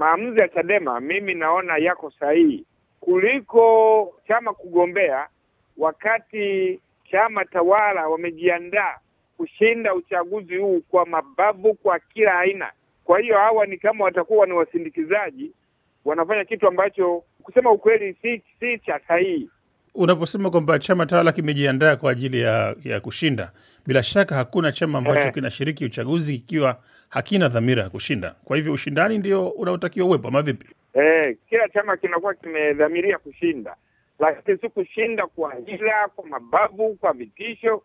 maamuzi ya Chadema mimi naona yako sahihi kuliko chama kugombea, wakati chama tawala wamejiandaa kushinda uchaguzi huu kwa mabavu, kwa kila aina. Kwa hiyo hawa ni kama watakuwa ni wasindikizaji, wanafanya kitu ambacho kusema ukweli si, si cha sahihi unaposema kwamba chama tawala kimejiandaa kwa ajili ya, ya kushinda, bila shaka hakuna chama ambacho eh. kinashiriki uchaguzi ikiwa hakina dhamira ya kushinda. Kwa hivyo ushindani ndio unaotakiwa uwepo, ama vipi? Eh, kila chama kinakuwa kimedhamiria kushinda, lakini si kushinda kwa hila, kwa mabavu, kwa vitisho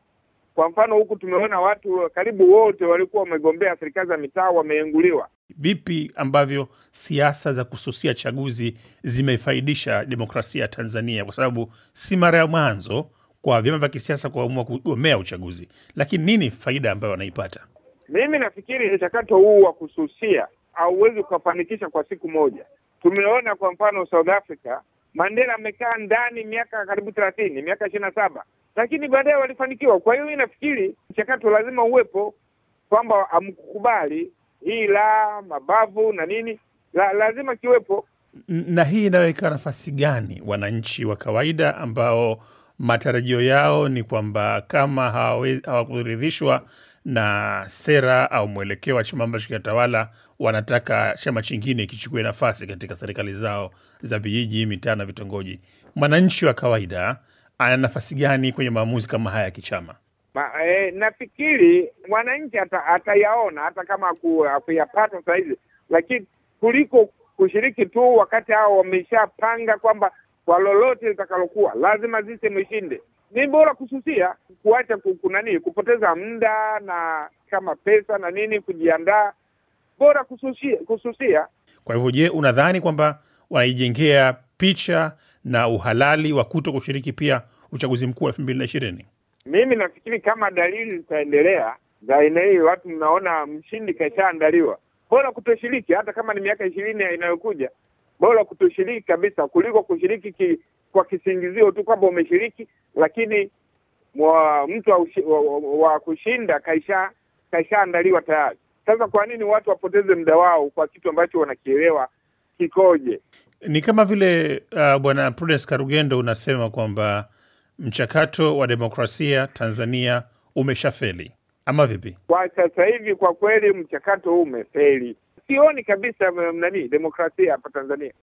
kwa mfano huku tumeona watu karibu wote walikuwa wamegombea serikali za mitaa wameenguliwa. Vipi ambavyo siasa za kususia chaguzi zimefaidisha demokrasia ya Tanzania? Kwa sababu si mara ya mwanzo kwa vyama vya kisiasa kuamua kugomea uchaguzi, lakini nini faida ambayo wanaipata? Mimi nafikiri mchakato huu wa kususia hauwezi ukafanikisha kwa siku moja. Tumeona kwa mfano South Africa Mandela amekaa ndani miaka karibu thelathini, miaka ishirini na saba, lakini baadaye walifanikiwa. Kwa hiyo inafikiri mchakato lazima uwepo, kwamba amkubali hii la mabavu na nini la, lazima kiwepo. Na hii inaweka nafasi gani wananchi wa kawaida ambao matarajio yao ni kwamba kama hawakuridhishwa na sera au mwelekeo wa chama ambacho kinatawala, wanataka chama chingine kichukue nafasi katika serikali zao za vijiji, mitaa na vitongoji. Mwananchi wa kawaida ana nafasi gani kwenye maamuzi kama haya ya kichama? Ma, e, nafikiri mwananchi atayaona hata kama akuyapata sahizi, lakini kuliko kushiriki tu wakati hao wameshapanga kwamba kwa lolote litakalokuwa, lazima system ishinde. Ni bora kususia, kuacha kunani, kupoteza muda na kama pesa na nini, kujiandaa. Bora kususia, kususia. Kwa hivyo, je, unadhani kwamba wanaijengea picha na uhalali wa kuto kushiriki pia uchaguzi mkuu wa elfu mbili na ishirini? Mimi nafikiri kama dalili zitaendelea za aina hii, watu mnaona mshindi kashaandaliwa, bora kutoshiriki, hata kama ni miaka ishirini inayokuja bora kutoshiriki kabisa kuliko kushiriki ki, kwa kisingizio tu kwamba umeshiriki, lakini mwa, mtu wa, wa, wa kushinda kaisha kaishaandaliwa tayari. Sasa kwa nini watu wapoteze muda wao kwa kitu ambacho wanakielewa kikoje? Ni kama vile uh, Bwana Prudence Karugendo unasema kwamba mchakato wa demokrasia Tanzania umeshafeli ama vipi? Kwa sasa hivi, kwa kweli mchakato huu umefeli sioni kabisa nani demokrasia hapa Tanzania.